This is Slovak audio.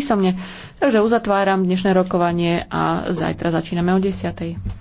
písomne. Takže uzatváram dnešné rokovanie a zajtra začíname o 10.